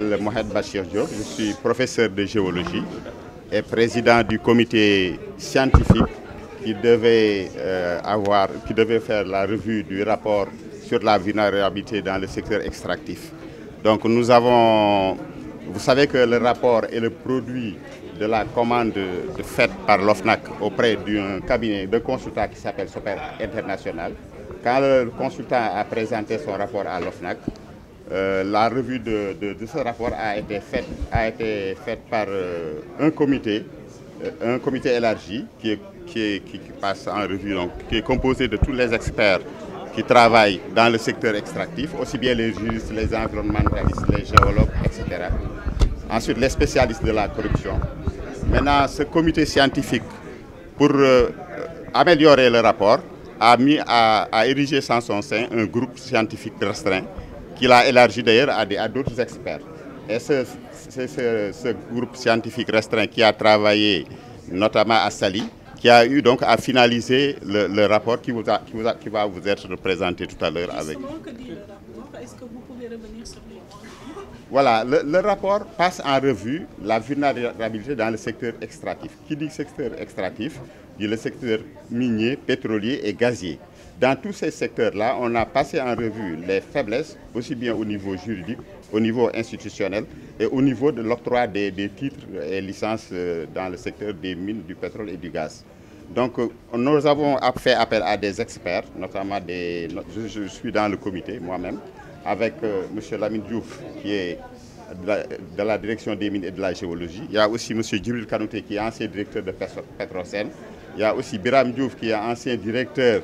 Mohamed Bachir Diop, je suis professeur de géologie et président du comité scientifique qui devait, euh, avoir, qui faire la revue du rapport sur la vulnérabilité dans le secteur extractif. Donc nous avons, vous savez que le rapport est le produit de la commande de faite par l'OFNAC auprès d'un cabinet de consultants qui s'appelle Soper International. Quand le consultant a présenté son rapport à l'OFNAC, Euh, la revue de, de, de, ce rapport a été faite, a été faite par euh, un comité, euh, un comité élargi qui, est, qui, est, qui, qui, passe en revue, donc, qui est composé de tous les experts qui travaillent dans le secteur extractif, aussi bien les juristes, les environnementalistes, les géologues, etc. Ensuite, les spécialistes de la corruption. Maintenant, ce comité scientifique, pour euh, euh, améliorer le rapport, a, mis, à a, a érigé sans son sein un groupe scientifique restreint qu'il a élargi d'ailleurs à d'autres experts. Et c'est ce, ce, ce, groupe scientifique restreint qui a travaillé notamment à Sali, qui a eu donc à finaliser le, le rapport qui, vous a, qui, vous a, qui, va vous être présenté tout à l'heure avec. Que dit le rapport Voilà, le, le, rapport passe en revue la vulnérabilité dans le secteur extractif. Qui dit secteur extractif dit le secteur minier, pétrolier et gazier. Dans tous ces secteurs-là, on a passé en revue les faiblesses, aussi bien au niveau juridique, au niveau institutionnel et au niveau de l'octroi des, des, titres et licences euh, dans le secteur des mines, du pétrole et du gaz. Donc, euh, nous avons fait appel à des experts, notamment des... Je, je suis dans le comité moi-même. avec euh, M. Lamine Diouf, qui la, de la, direction des mines et de la géologie. Il y a aussi M. Djibril Kanouté, qui est ancien directeur de Petrosen. Il y a aussi Biram Diouf, qui est ancien directeur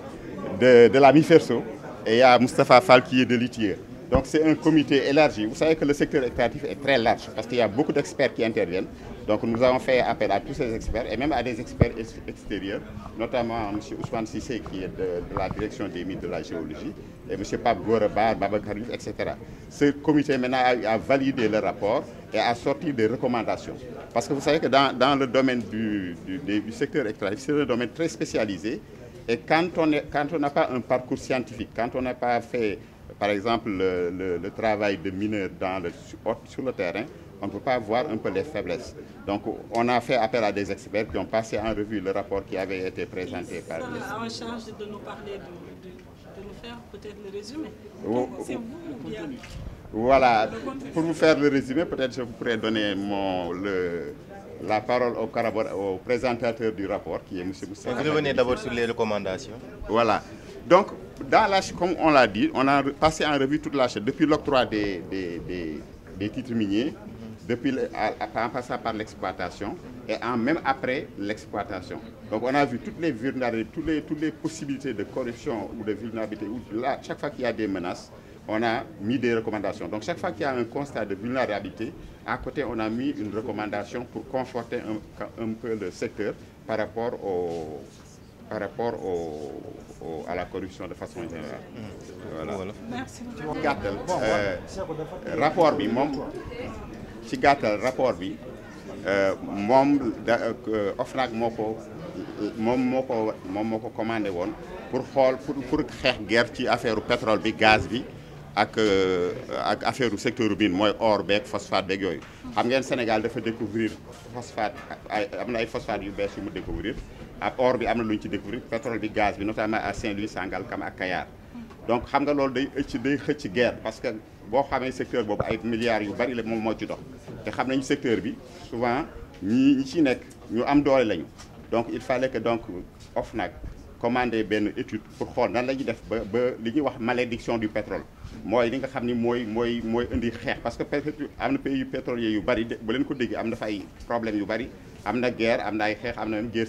de, de la MIFERSO. Et il a Mustapha Fall, qui est de l'ITIE. Donc c'est un comité élargi. Vous savez que le secteur extractif est très large, parce qu'il y a beaucoup d'experts qui interviennent. Donc nous avons fait appel à tous ces experts et même à des experts extérieurs, notamment M. Ousmane Sissé qui est de, de la direction des mythes de la géologie et M. Pape Gorebar, Babakari, etc. Ce comité maintenant a, a, le rapport et a sorti des recommandations. Parce que vous savez que dans, le domaine du, du, du secteur extractif, c'est et quand on est, quand on n'a pas un parcours scientifique, quand on n'a pas fait par exemple le, le, le, travail de mineur dans le, sur le terrain, on ne peut pas voir un peu les faiblesses. Donc, on a fait appel à des experts qui ont passé en revue le rapport qui avait été présenté par... Il sera oh, oh, oh. Voilà, pour vous faire le résumé, peut-être je vous pourrais donner la parole au, au, présentateur du rapport, qui est M. Moussa. dans la, comme on l'a dit, on a passé en revue toute la chaîne. Depuis l'octroi des titres miniers, depuis le, en passant par l'exploitation et en même après l'exploitation. Donc on a vu toutes les vulnérabilités, toutes les, toutes les possibilités de corruption ou de vulnérabilité. Où là, chaque fois qu'il y a des menaces, on a mis des recommandations. Donc chaque fois qu'il y a un constat de vulnérabilité, à côté on a mis une recommandation pour conforter un, un peu le secteur par rapport au rapport au, au, à de façon générale. Mmh. Euh, rapport bi moom. ci gàttal rapport bi euh, moom da euh, moo ko moom moo ko moom moo ko commandé woon pour xool pour pour xeex guerre ci affaire pétrole bi gaz bi ak euh, ak affaire secteur bi mooy or beeg phosphate beeg yooyu. xam ngeen Sénégal dafa découvrir phosphate ay am na ay phosphate yu bees yu mu découvrir ak or bi am na lu ci découvrir pétrole bi gaz bi notamment à Saint-Louis Sangalkam ak Kayar. donc xam nga loolu day ëcc day xëcc guerre parce que boo xamee secteur boobu ay milliards yu bari la moom moo ci dox. te xam nañu secteur bi souvent ñi ñi ciy nekk ñu am doole lañu donc il fallait que donc nag commander benn étude pour xool nan la ñuy def ba ba li ñuy wax malédiction du pétrole mooy li nga xam ni mooy mooy mooy indi xeex parce que am na pays yu pétrolier yu bari bu leen ko déggee am na fa ay yu bari am na guerre am na ay xeex am na même guerre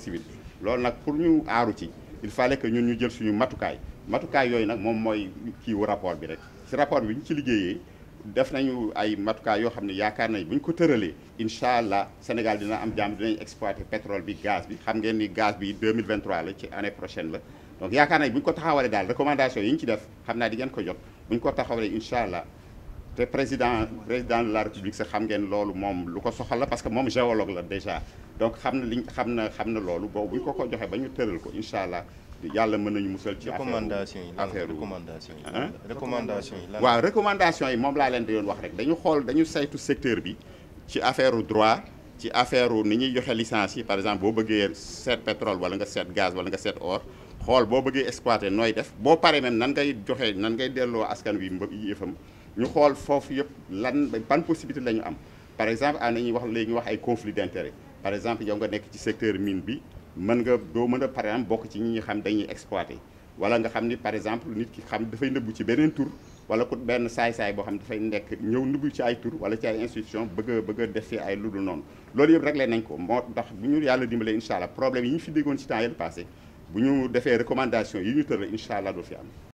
loolu nag pour ñu aaru ci il fallait que ñun ñu jël suñu matukaay matukaay yooyu nag moom mooy kiiwu rapport bi rek si rapport bi ñu ci liggéeyee def nañu ay matukaay yoo xam ne yaakaar nañ bu ñu ko tëralee incha Sénégal dina am jàmm dinañ exploiter pétrole bi gaz bi xam ngeen ni gaz bi 2023 la ci année prochaine la donc yaakaar nañ bu ñu ko taxawalee daal recommandation yi ñu ci def xam naa di ko jot bu ko taxawalee incha allah te président président de la république sax xam ngeen loolu moom lu ko soxal parce que moom géologue la déjà donc xam na liñ xam na xam na loolu boobu bu ko ko joxee ba ñu tëral ko incha allah yàlla mën nañu musal ci recommandation yi affaire recommandation yi recommandation yi waaw recommandation yi moom laa leen di doon wax rek dañu xool dañu saytu secteur bi ci affaire droit ci affaire ni ñuy joxe licence yi par exemple boo bëggee seet pétrole wala nga seet gaz wala nga seet or xool boo bëggee exploiter nooy def boo paree même nan ngay joxe nan ngay delloo askan wi yëfam ñu xool foofu yëpp lan ban possibilité la ñu am par exemple am ah, nañuy wax léegi wax ay conflit d'intérêt par exemple yow nga nekk ci secteur mine bi mën nga doo mën a par exemple bokk ci ñi ñu xam dañuy exploité wala nga xam ni par exemple nit ki xam dafay nëbbu ci beneen tur wala ku benn saay-saay boo xam dafay nekk ñëw nëbbu ci ay tur wala ci ay institution bëgg a bëgg a def fi ay lu dul noonu loolu yëpp réglé nañ ko moo tax bu ñu yàlla dimbalee incha allah problème yi ñu fi déggoon ci temps yële passé bu ñu defee recommandation yi ñu tëral incha allah doo fi am